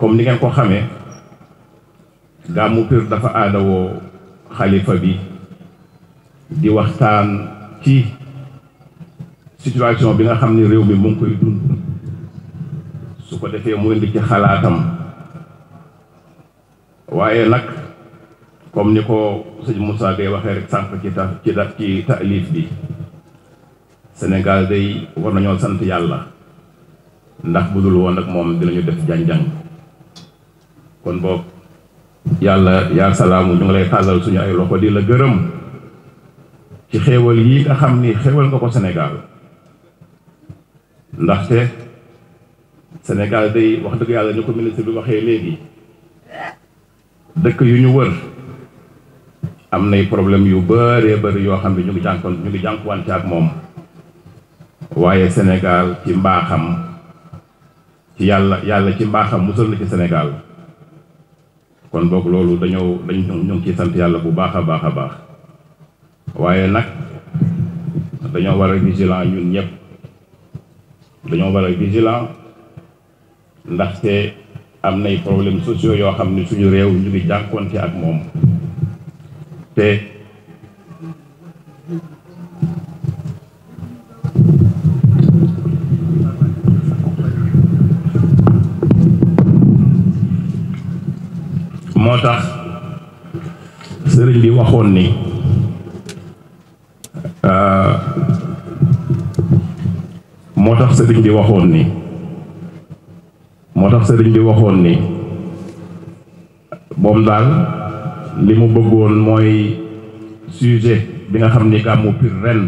comme ni ngeen ko xamee gàmmu Pire dafa aadawoo xalifa bi di waxtaan ci situation bi nga xam ne réew mi mu ngi koy dund su ko defee mu indi ci xalaatam waaye nag comme ni ko sëñ musaa Gueye waxee rek sànq ci ta ci daf ci taalif bi Sénégal day war nañoo sant yàlla ndax budul woon ak moom dinañu def jànjang kon boog yàlla yaa salaamu ñu ngi lay tàllal suñu ay loxo di la gërëm ci xewal yi nga xam ni xewal nga ko Sénégal ndaxte Sénégal day wax dëgg yàlla ni ko ministre bi waxee léegi dëkk yu ñu wër am nay problème yu bëree bëri yoo xam ne ñu ngi jànkoon ñu ngi jànkuwante ak moom waaye Sénégal ci mbaaxam ci yàlla yàlla ci mbaaxam musal na ci Sénégal kon boog loolu dañoo dañ ñoo ngi ciy sant yàlla bu baax a baax a baax waaye nag dañoo war a vigilant ñun ñëpp dañoo war a vigilant ndaxte am nay problèmes sociaux yoo xam ne suñu réew ñu ngi jànkoonte ak moom te moo tax sëriñ bi waxoon ni euh, moo tax sëriñ bi waxoon ni moo tax sëriñ bi waxoon ni moom daal li mu bëggoon mooy sujet bi nga xam ni gàmmu piir ren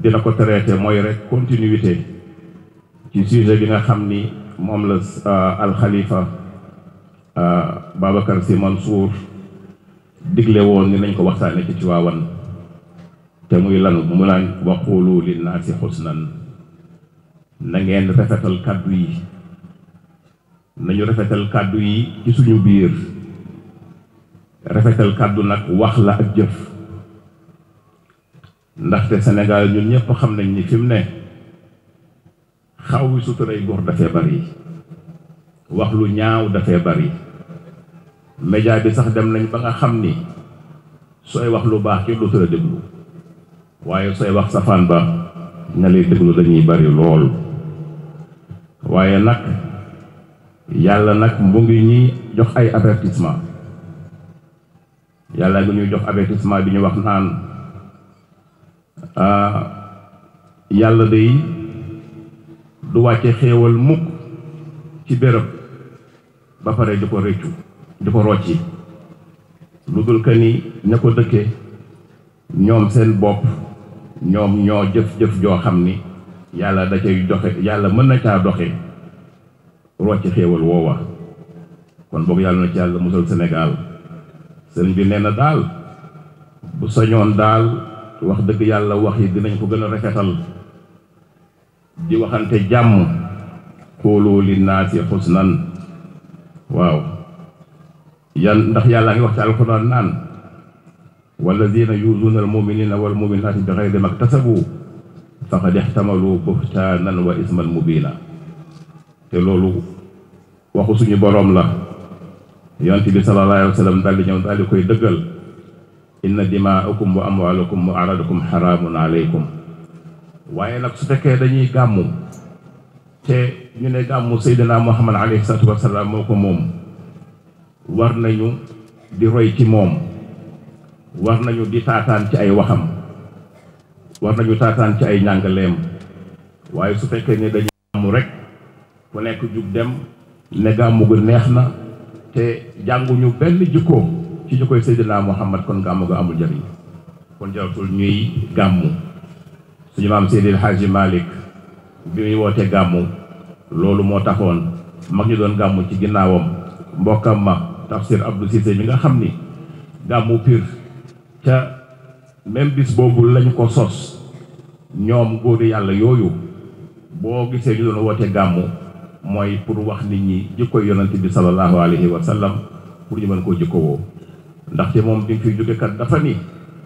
dina ko traité mooy rek continuité ci sujet bi nga xam ni moom la euh, alxalifa Euh, si man Mansour digle woon ni nañ ko wax waxtaane ci Tiwaawan te muy lan mu naan waqulu linnaasi xusnan na ngeen rafetal kàddu yi nañu rafetal kàddu yi ci suñu biir rafetal kàddu nag wax la ak jëf ndaxte Sénégal ñun ñëpp xam nañ ni fi mu ne xaw wi suturay góor dafee bari wax lu ñaaw dafee bari média bi sax dem nañ ba nga xam ni sooy wax lu baax kenn dootu la waaye sooy wax safaan ba ña lay déglu dañuy bari lool waaye nag yàlla nag mu ngi ñuy jox ay avertissement yàlla ngi ñuy jox avertissement bi ñu wax naan ah, yàlla day du wàcce xéewal mukk ci béréb ba pare di ko rëccu di ko rocci lu dul que ni ña ko dëkkee ñoom seen bopp ñoom ñoo jëf-jëf joo xam ni yàlla da cay doxe yàlla mën na caa doxe rocci xéewal wax kon boobu yàlla na ci yàlla musal Sénégal sëriñ bi nee na daal bu sañoon daal wax dëgg yàlla wax yi dinañ ko gën a rafetal di waxante jàmm xóoloo li naasi xusnan waaw yàlla ndax yàlla ngi wax ci alquran naan walladina yuzuuna almuminina walmuminaati bi xayri maktasabu faqad ixtamalu buhtaanan wa isman mubina te loolu waxu suñu boroom la yonent bi sallallahu alayhi wa sallam daal di ñëw daal di koy dëggal inna dimaakum wa amwaalakum wa aradakum xaraamun aleykum waaye nag su fekkee dañuy gàmmu te ñu ne gàmmu seydina muhammad alayhi salaatu wasalaam moo ko moom war nañu di roy ci moom war nañu di taataan ci ay waxam war nañu taataan ci ay njàngaleem waaye su fekkee ne dañu amu rek ku nekk jug dem ne gàmmu gu neex na te jàngu ñu benn jikkoo ci ñu koy Seydina Muhammad kon gàmmu ga amul njariñ kon jaratul ñuy gàmmu ñu maam Seydil Hadji Malick bi muy wootee gàmmu loolu moo taxoon mag ñu doon gàmmu ci ginnaawam mbokkam ma tafsir Abdou Cissé mi nga xam ni gàmmu Pire ca même bis boobu lañu ko sos ñoom góor yàlla yooyu boo gisee di doon woote gàmmu mooy pour wax nit ñi jikko yonent bi sallallahu alayhi wa sallam pour ñu mën koo jikko woo ndaxte moom bi nga fiy dafa ni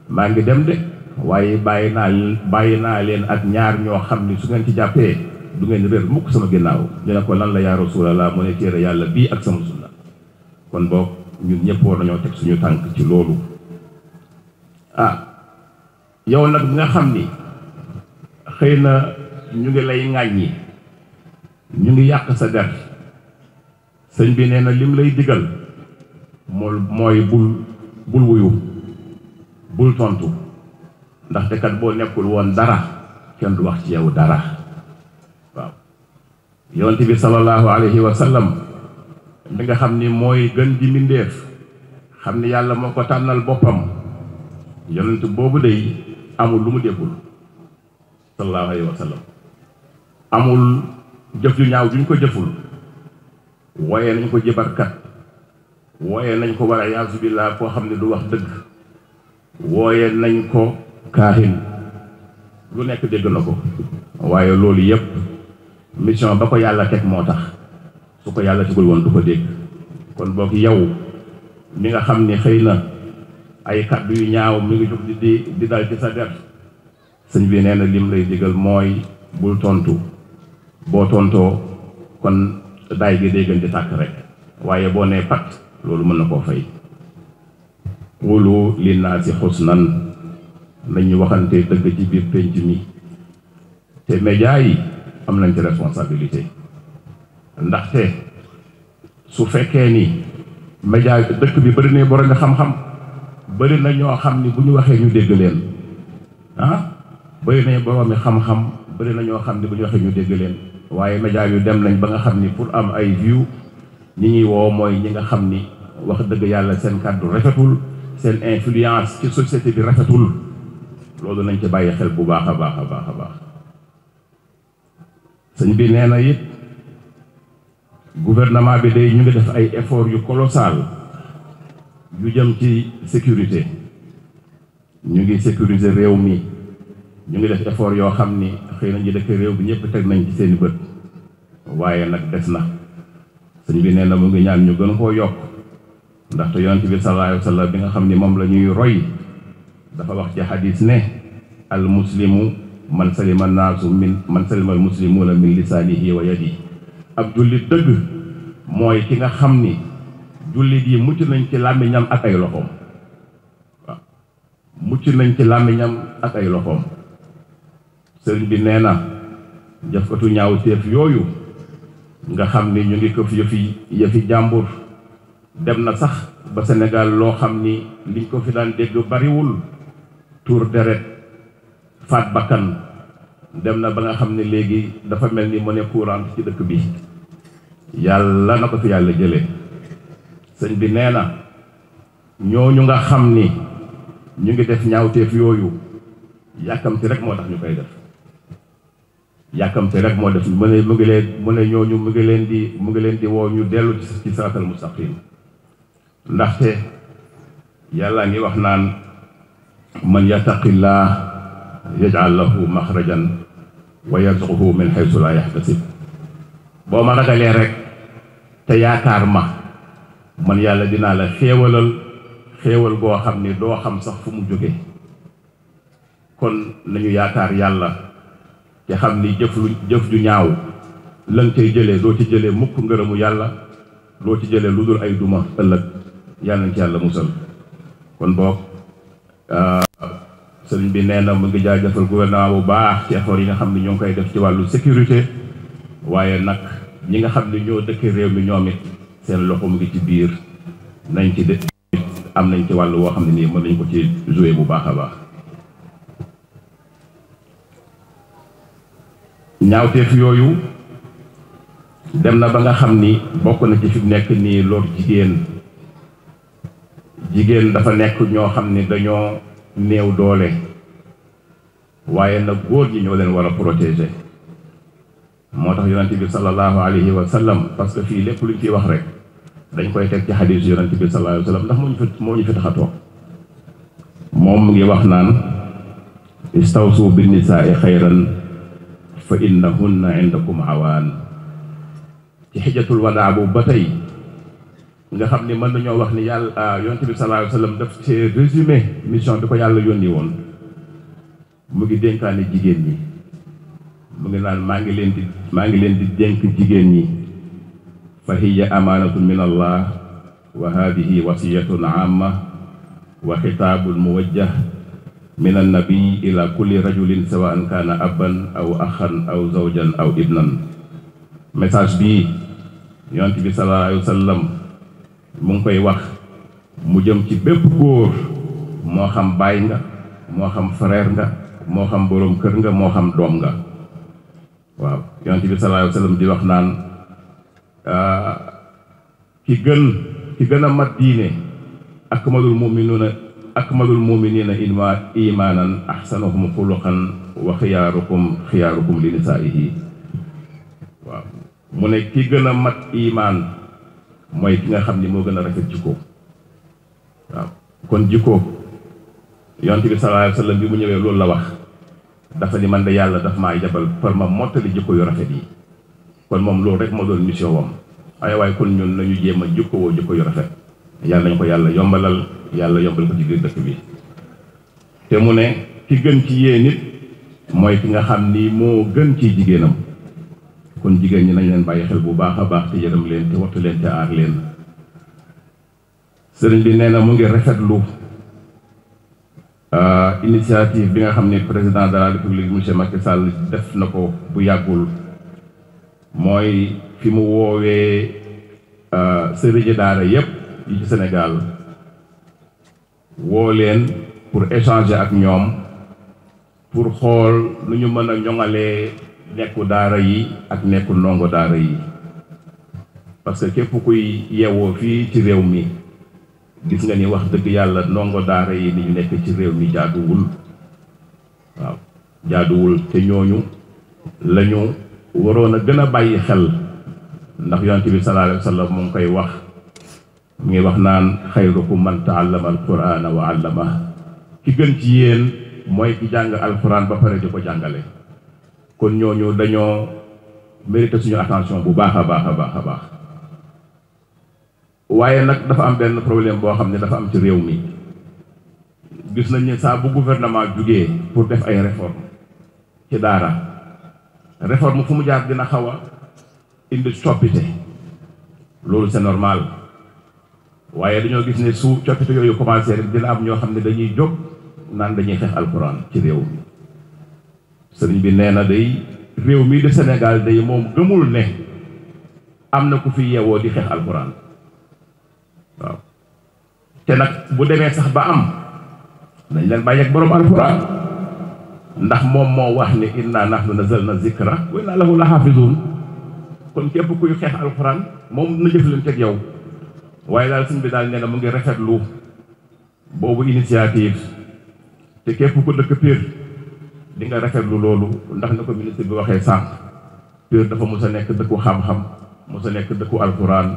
maa ngi dem de waaye bàyyi naa bàyyi naa leen ak ñaar ñoo xam ni su ngeen ci jàppee du ngeen réer mukk sama ginnaaw ñu ne ko lan la yaa rasulallah mu ne téere yàlla bii ak sama sunna kon boog ñun ñëpp war nañoo teg suñu tànk ci loolu ah yow nag bi nga xam ni xëy na ñu ngi lay ŋàññi ñu ngi yàq sa der sëñ bi nee na lim lay digal mool mooy bul bul wuyu bul tontu ndaxte kat boo nekkul woon dara kenn du wax ci yow dara waaw yonent bi sallallahu alayhi wa sallam mi nga xam ni mooy gën ji xam ni yàlla moo ko tànnal boppam yonent boobu day amul lu mu deful sallallahu alayhi wa sallam amul jëf ju ñaaw juñ ko jëful wooyee nañ ko jëbarkat wooyee nañ ko wala yaasu foo xam ne du wax dëgg wooyee nañ ko kaahin lu nekk dégg na ko waaye loolu yépp mission ba ko yàlla teg moo tax bu ko yàlla tegul woon du ko dégg kon boog yow mi nga xam ni xëy na ay kàddu yu ñaaw mi ngi jóg di di dal ci sa der sëñ bi nee lim lay digal mooy bul tontu boo tontoo kon daay gi day gën di tàkk rek waaye boo nee pat loolu mën na koo fay wulu li naa si xus nan nañu waxante dëgg ci biir pénc mi te média yi am nañ ci responsabilité ndaxte su fekkee ni média dëkk bi bëri na borom xam-xam bëri na ñoo xam ni bu ñu waxee ñu dégg leen ah bëri na boroomi xam-xam bëri na ñoo xam ni bu ñu waxee ñu dégg leen waaye média yu dem nañ ba nga xam ni pour am ay view ñi ñuy woo mooy ñi nga xam ni wax dëgg yàlla seen kàddu rafetul seen influence ci société bi rafetul loolu nañ ci bàyyi xel bu baax a baax a baax a baax bi nee na gouvernement bi day ñu ngi def ay effort yu colossal yu jëm ci sécurité ñu ngi sécuriser réew mi ñu ngi def effort yoo xam ni xëy nañ ñu dëkk réew bi ñëpp teg nañ ci seen bët waaye nag des na sëñ bi nee na mu ngi ñaan ñu gën koo yokk ndaxte yonent bi sallallahu alayhi wa sallam bi nga xam ni moom la ñuy roy dafa wax ci xadis ne al muslimu man salima naasu min man salima al muslimuna min lisaanihi wa yadihi ab jullit dëgg mooy ki nga xam ni jullit yi mucc nañ ci làmmiñam ak ay loxoom mucc nañ ci làmmiñam ak ay loxoom sëriñ bi nee na jëfkatu ñaaw teef yooyu nga xam ni ñu ngi këf yëfi yëfi jàmbur dem na sax ba Sénégal loo xam ni liñ ko fi daan dégg bariwul tuur deret faat bakkan dem na ba nga xam ne léegi dafa mel ni mu ne courante ci dëkk bi yàlla na ko fi yàlla jëlee sëñ bi nee na ñooñu nga xam ni ñu ngi def ñaawteef yooyu yàkkamti rek moo tax ñu koy def yàkkamti rek moo def mu ne mu ngi leen mu ne ñooñu mu ngi leen di mu ngi leen di woo ñu dellu ci siraatal mustaqim ndaxte yàlla ngi wax naan man yattaqillah yaj'al lahu maxrajan wa yarzuqhu min haythu laa yahtasib boo ma ragalee rek te yaakaar ma man yàlla dinaa la xéewalal xéewal boo xam ni doo xam sax fu mu jóge kon nañu yaakaar yàlla te xam ni jëf ju ñaaw lan tey jëlee doo ci jëlee mukk ngërëmu yàlla doo ci jëlee lu dul ay duma ëllëg yàlla nañ ci yàlla musal kon boog euh, sëliñ bi nee na mu ngi jaajëfal gouvernement bu baax ci yi nga xam ne ñoo ngi koy def ci wàllu sécurité waaye nag ñi nga xam ne ñoo dëkk réew mi ñoom seen loxo mu ngi ci biir nañ ci dëkk am nañ ci wàll woo xam ne nii mën nañ ko ci jouer bu baax a baax ñaawteef yooyu dem na ba nga xam ni bokk na ci fi nekk nii lor jigéen jigéen dafa nekk ñoo xam ni dañoo néew doole waaye nag góor ñi ñoo leen war a protéger moo tax yonent bi sallallahu alayhi wa sallam parce que fii lépp luñ ciy wax rek dañ koy teg ci xadiis yonent bi sallallahu alayhi wa sallam ndax moo ñu fi moo ñu fi tax moom mu ngi wax naan istawsu bi nisaai xayran fa innahunna indakum awaan ci xijjatul wadaa ba tey nga xam ni mën nañoo wax ni yàlla ah, yonent bi sallallahu alayhi daf ci résumé mission bi ko yàlla yónni woon mu ngi dénkaane jigéen ñi mu ngi naan maa ngi leen di maa ngi leen di dénk jigéen ñi fa hiya amaanatun min allah wa hadihi wasiyatun amma wa xitaabul muwajjah min annabii ila kulli rajulin sawaan kaana abban aw axan aw zawjan aw ibnan message bii yonent bi sallallahu alayhi wa sallam mu ngi koy wax mu jëm ci bépp góor moo xam baay nga moo xam frère nga moo xam boroom kër nga moo xam doom nga waaw yonent bi sallallahu alayhi di wax naan ah, ki gën ki gën a mat diine akmalul mu'minuna akmalul mu'minina inma imanan ahsanuhum xuluqan wa xiyaarukum xiyaarukum li nisaa'ihi waaw mu ne ki gën mat imaan mooy ki nga xam ni moo gën a rafet jikko waaw kon jikko yonent bi sallallahu alayhi wa sallam bi mu ñëwee loolu la wax dafa ni man de yàlla daf maa jabal par ma mottali jikko yu rafet yi kon moom loolu rek moo doon mission wam waaye waaye kon ñun nañu jéem a jikko woo jikko yu rafet yàlla nañ ko yàlla yombalal yàlla yombal ko ci biir dëkk bi te mu ne ki gën ci yéen nit mooy ki nga xam ni moo gën ci jigéenam kon jigéen ñi nañ leen bàyyi xel bu baax a baax te yërëm leen te wattu leen te aar leen sëriñ bi nee na mu ngi rafetlu euh, initiative bi nga xam ne président de la république monsieur Macky Sall def na ko bu yàggul mooy fi mu woowee euh, sëriñi daara yépp yi ci Sénégal woo leen pour échanger ak ñoom pour xool lu ñu mën a ñoŋalee nekku daara yi ak nekku ndongo daara yi parce que képp kuy yeewoo fii ci réew mi gis nga ni wax dëgg yàlla ndongo daara yi ni ñu nekk ci réew mi jaaduwul waaw jaaduwul te ñooñu lañu waroon a gën a bàyyi xel ndax yonent bi sallallahu alayhi wa koy wax mu ngi wax naan xayrukum man taallama alqurana wa allama ki gën ci yéen mooy ki jàng alquran ba pare di ko jàngale kon ñooñu dañoo mérité suñu attention bu baax a baax a baax a baax waaye nag dafa am benn problème boo xam ne dafa am ci réew mi gis nañ ne saa bu gouvernement jugee pour def ay réforme ci daara réforme fu mu jaar dina xaw a indi coppite loolu c'est normal waaye dañoo gis ne su coppite yooyu commencé rek dina am ñoo xam ne dañuy jóg naan dañuy xeex alkuraan ci réew mi sëriñ bi nee na day réew mi di Sénégal day moom gëmul ne am na ku fi yeewoo di xeex alxuraan waaw te nag bu demee sax ba am nañ leen bàyyi ak boroom alxuraan ndax moom moo wax ni inna nahnu nazalna zikra wa inna lahu la xaafizuun kon képp kuy xeex alxuraan moom na jëflante yow waaye daal suñ bi daal nee na mu ngi rafetlu boobu initiative te képp ku dëkk Pire di nga rafetlu loolu ndax na ko ministre bi waxee sànq Pire dafa mos a nekk dëkku xam-xam mos a nekk dëkku alquran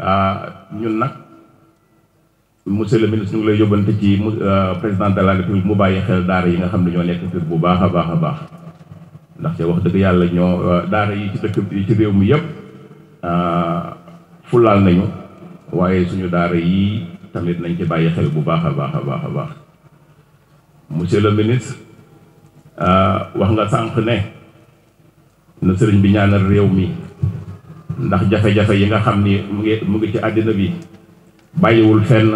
ah, ñun nag monsieur le ministre ñu ngi lay yóbbante ci euh, président de la république mu bàyyi xel daara yi nga xam ne ñoo nekk Pire bu baax a baax a baax ndax te wax dëgg yàlla ñoo euh, daara yi ci dëkk yi ci réew mi yëpp euh, fulaal nañu waaye suñu daara yi tamit nañ ci bàyyi xel bu baax a baax a baax a baax monsieur le ministre. Euh, wax nga sànq ne na sëriñ bi ñaanal réew mi ndax jafe-jafe yi nga xam ni mu ngi mu ngi ci àddina bi bàyyiwul fenn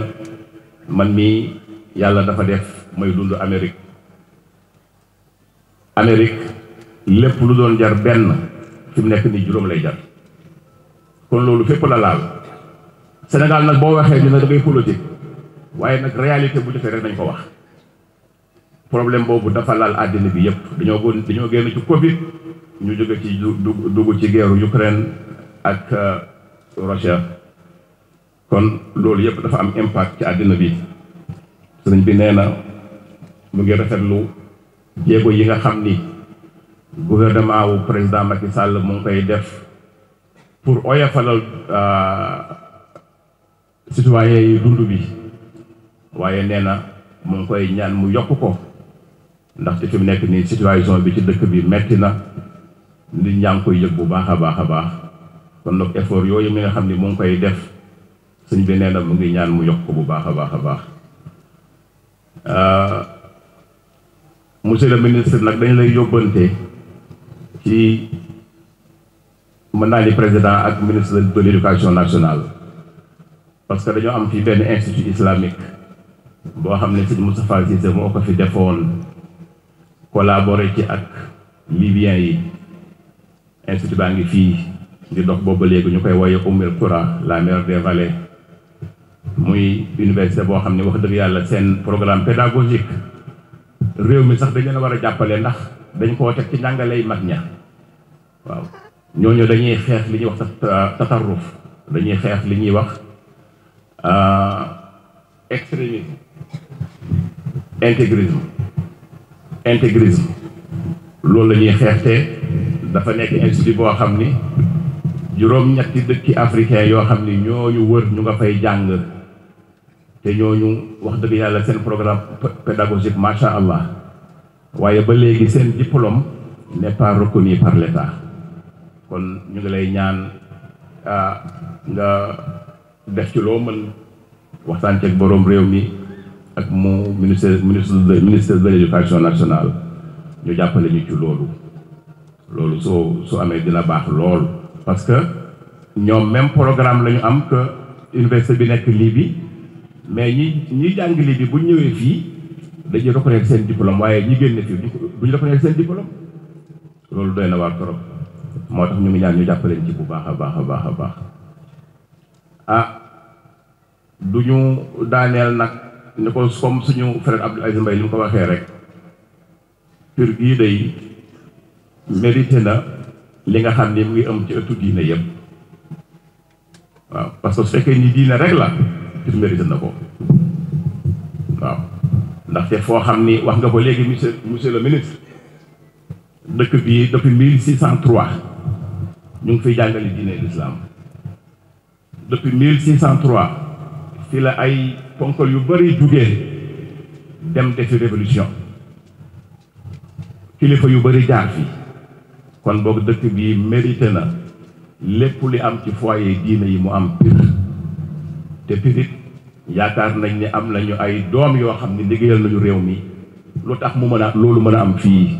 man mii yàlla dafa def mooy dund Amérique Amérique lépp lu doon jar benn fi mu nekk ni juróom lay jar kon loolu fépp la laal Sénégal nag boo waxee dina da ngay politique waaye nag réalité bu defee rek nañ ko wax problème boobu dafa laal àddina bi yëpp dañoo gën dañoo génn ci Covid ñu jóge ci dugg dugg ci guerre Ukraine ak euh, Russia kon loolu yëpp dafa am impact ci àddina bi sëriñ bi nee na mu ngi rafetlu jéego yi nga xam ni gouvernement wu président Macky Sall mu ngi koy def pour oyofalal euh, citoyen yi dund bi waaye nee na mu ngi koy ñaan mu yokk ko ndaxte fi mu nekk nii situation bi ci dëkk bi metti na nit ñaa koy yëg bu baax a baax a baax kon nag effort yooyu mi nga xam ni mu ngi koy def sëñ beneen nee na mu ngi ñaan mu yokk bu baax a baax a baax euh, monsieur le ministre nag dañ lay yóbbante ci mën naa ni président ak ministre de l'éducation nationale parce que dañoo am fi benn institut islamique boo xam ne sëñ Moustapha Cissé moo ko fi defoon collaboré ci ak libyen yi institut baa ngi fii di dox booba léegi ñu koy woye Ummul Qura la mère des vallées muy université boo xam ne wax dëgg yàlla seen programme pédagogique réew mi sax dañ leen war a jàppale ndax dañ koo teg ci njàngaley mag ña waaw ñooñu dañuy xeex li ñuy wax euh, tatarruf dañuy xeex li ñuy wax euh, extrémisme intégrisme loolu la ñuy xeexte dafa nekk institut boo xam ni juróom-ñetti dëkki africain yoo xam ni ñooñu wër ñu nga fay jàng te ñu wax dëgg yàlla seen programme pédagogique macha allah waaye ba léegi seen diplôme n'est pas reconnu par l'État kon ñu ngi lay ñaan ah, nga def ci loo mën waxtaan ceeg boroom réew mi ak mu ministère ministre de ministère de l' éducation nationale ñu jàppale ñu ci loolu loolu soo soo amee dina baax loolu parce que ñoom même programme lañu am que université bi nekk lii bi mais ñi ñi jàng lii bi bu ñëwee fii dañuy reconnaître seen diplôme waaye ñi génn fii duñu reconnaître seen diplôme loolu doy na waar trop moo tax ñu ngi ñaan ñu jàppaleen ci bu baax a baax a baax a baax ah duñu daaneel nag ni ko comme suñu frère Abdou Aziz Mbaye li mu ko waxee rek tur gii day mérité na li nga xam ne mu ngi am ci ëttu diine yëpp waaw parce que su fekkee ni diine rek la tur mérité na ko waaw ndaxte foo xam ni wax nga ko léegi monsieur monsieur le ministre dëkk bi depuis mille six cent trois ñu ngi fiy jàngale diine l'islam depuis mille six cent trois fi la ay ponkal yu bëri jugee dem defi révolution kilifa yu bëri jaar fi kon boog dëkk bi mérité na lépp li am ci foyer diine yi mu am Pire te Pire yaakaar nañ ni am nañu ay doom yoo xam ne liggéeyal nañu réew mi lu tax mu mën a loolu mën a am fii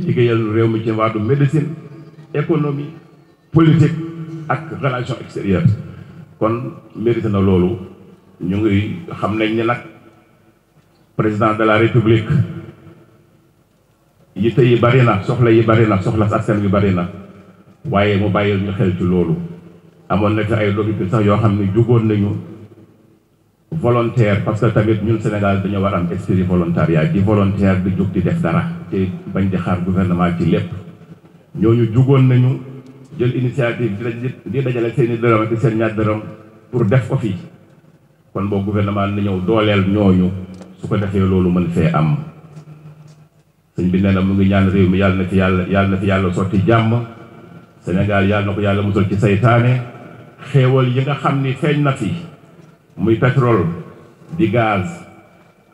liggéeyal réew mi ci wàllu médecine économie politique ak relation extérieure kon mérité na loolu ñu ngi xam nañ ni nag président de la république yitte yi bari na soxla yi bari na soxla askan bi bari na waaye mu bàyyi ñu xel ci loolu amoon na te ay lobby sax yoo xam ne jugoon nañu volontaire parce que tamit ñun Sénégal dañoo war am esprit volontariat di volontaire di jóg di def dara te bañ di xaar gouvernement ci lépp ñooñu jugoon nañu jël initiative di dajale seen i dërëm ak seen ñaar dërëm pour def ko fii kon boo gouvernement na ñëw dooleel ñooñu su ko defee loolu mën fee am sëñ bi nee mu ngi ñaan réew mi yàlla na fi yàlla yàlla na fi yàlla sotti jàmm Sénégal yàlla na ko yàlla musal ci saytaane xéewal yi nga xam ni feeñ na fi muy pétrole di gaz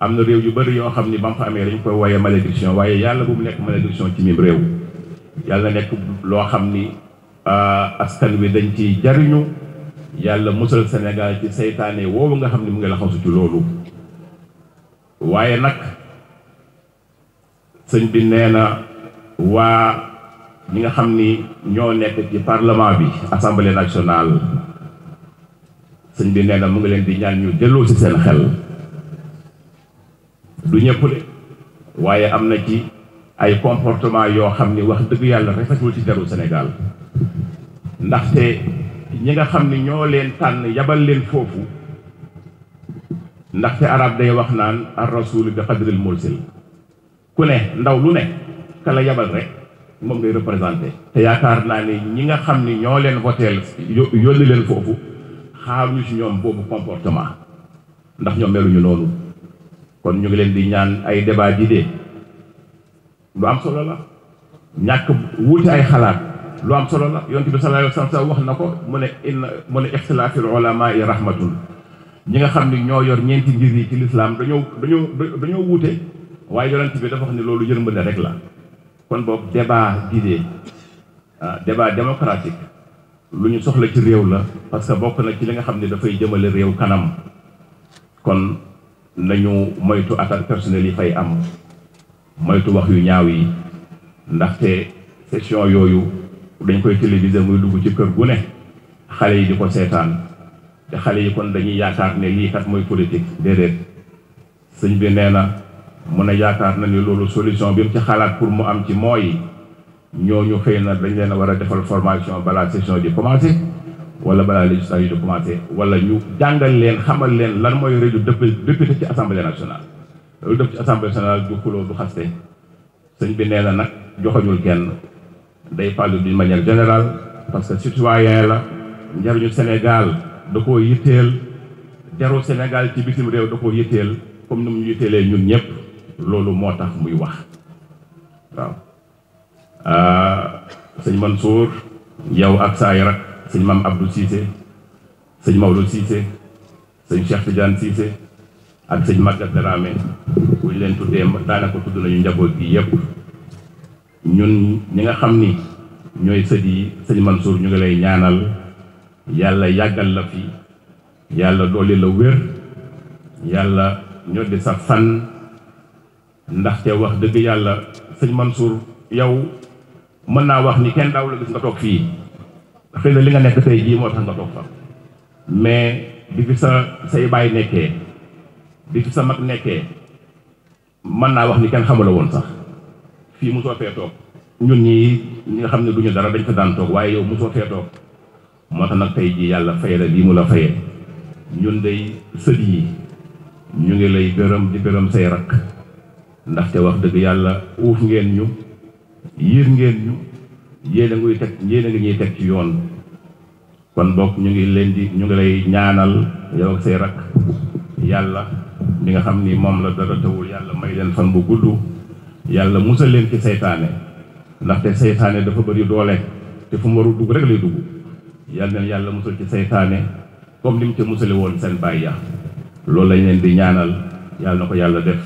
am na réew yu bëri yoo xam ni ba mu fa amee dañ koy woyee malédiction waaye yàlla bu mu nekk malédiction ci mim réew yàlla nekk loo xam ni ah, askan wi dañ ci jariñu yàlla musal Sénégal ci seytaane woowu nga xam ne mu ngi la xasu ci loolu waaye nag sëñ bi nee na waa ñi nga xam ni ñoo nekk ci parlement bi assemblée nationale sëñ bi nee na mu ngi leen di ñaan ñu delloo ci seen xel du ñëpp de waaye am na ci ay comportement yoo xam ni wax dëgg yàlla rafetul ci deru Sénégal ndaxte ñi nga xam ni ñoo leen tànn yabal leen foofu ndaxte arab day wax naan ar rasul bi qadril mursil ku ne ndaw lu ne ka yabal rek moom ngay représenté te yaakaar naa ni ñi nga xam ni ñoo leen voteel yónni leen foofu xaaruñu ci ñoom boobu comportement ndax ñoom meluñu noonu kon ñu ngi leen di ñaan ay débat ji dee lu am solo la ñàkk wuute ay xalaat lu am solo la yonent bi sallallahu alayhi wa sallam wax na ko mu ne inna mu ne ixtilaafil ulamaa yi rahmatun ñi nga xam ni ñoo yor ñeenti ngir yi ci lislaam dañoo dañoo dañoo wuute waaye yonent bi dafa wax ne loolu yërmande rek la kon boobu débat guidé ah débat démocratique lu ñu soxla ci réew la parce que bokk na ci li nga xam ne dafay jëmale réew kanam kon nañu moytu attaque personnelle yi fay am moytu wax yu ñaaw yi ndaxte session yooyu dañ koy télévisé muy dugg ci kër gu ne xale yi di ko seetaan te xale yi kon dañuy yaakaar ne lii kat mooy politique déedéet sëñ bi nee na mun a yaakaar na ni loolu solution bi mu ci xalaat pour mu am ci mooy ñu xëy na dañ leen a war a defal formation balaa session di commencé wala balaa législature di commencé wala ñu jàngal leen xamal leen lan mooy rajo député ci assemblée nationale loolu def ci assemblée nationale du xuloo du xaste sëñ bi nee nag joxoñul kenn day parler d'une manière générale parce que citoyen la njariñu Sénégal da koo yitteel jaru Sénégal ci bitim réew da koo yitteel comme ni mu yitteelee ñun ñëpp loolu moo tax muy wax waaw ah, sëñ Mansour yow ak saay rak sëñ Mame Abdou Cissé sëñ Maodo Cissé sëñ Cheikh Tidiane Cissé ak sëñ Maguette Dramé bu ñu leen tuddee daanaka tudd nañu njaboot gi yëpp ñun ñi nga xam ni ñooy sët yi sëñ Mansour ñu ngi lay ñaanal yàlla yàggal la fi yàlla doole la wér yàlla ñoo di sa fan ndaxte wax dëgg yàlla sëñ Mansour yow mën naa wax ni kenn daaw la gis nga toog fii xëy na li nga nekk tey jii moo tax nga toog fa mais bi fi sa say baay nekkee bi fi sa mag nekkee mën naa wax ni kenn xamula woon sax fii mosoo fee toog ñun ñii ñi nga xam ne duñu dara dañ fa daan toog waaye yow mosoo fee toog moo tax nag tey ji yàlla fay la lii mu la faye ñun day sët yi ñu ngi lay gërëm di gërëm say rakk ndaxte wax dëgg yàlla uuf ngeen ñu yiir ngeen ñu yéen a nguy teg yéen ngi ñuy teg ci yoon kon bokk ñu ngi leen di ñu ngi lay ñaanal yow ak say rakk yàlla mi nga xam ni moom la dara tawul yàlla may leen fan bu gudd yàlla musal leen ci seytaane ndaxte seytaane dafa bëri doole te fu mu warul dugg rek lay dugg yàlla na yàlla musal ci seytaane comme ni mu ca musale woon seen bàyyi ya loolu lañ leen di ñaanal yàlla na ko yàlla def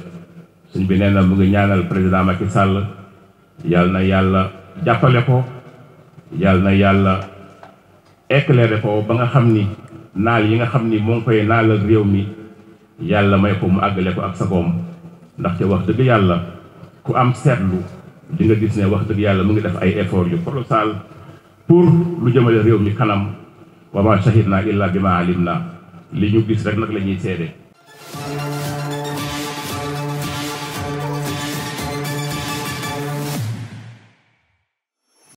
suñ bi nee na mu ngi ñaanal président Macky sàll yàlla na yàlla jàppale ko yàlla na yàlla éclairé ko ba nga xam ni naal yi nga xam ni moo ngi koy naalal réew mi yàlla may ko mu àggale ko ak sagoom ndaxte wax dëgg yàlla ku am seetlu di nga gis ne wax dëgg yàlla mu ngi def ay effort yu colossal pour lu jëmale réew mi kanam wa ma shahid naa illa bi ma alim na li ñu gis rek nag la ñuy seede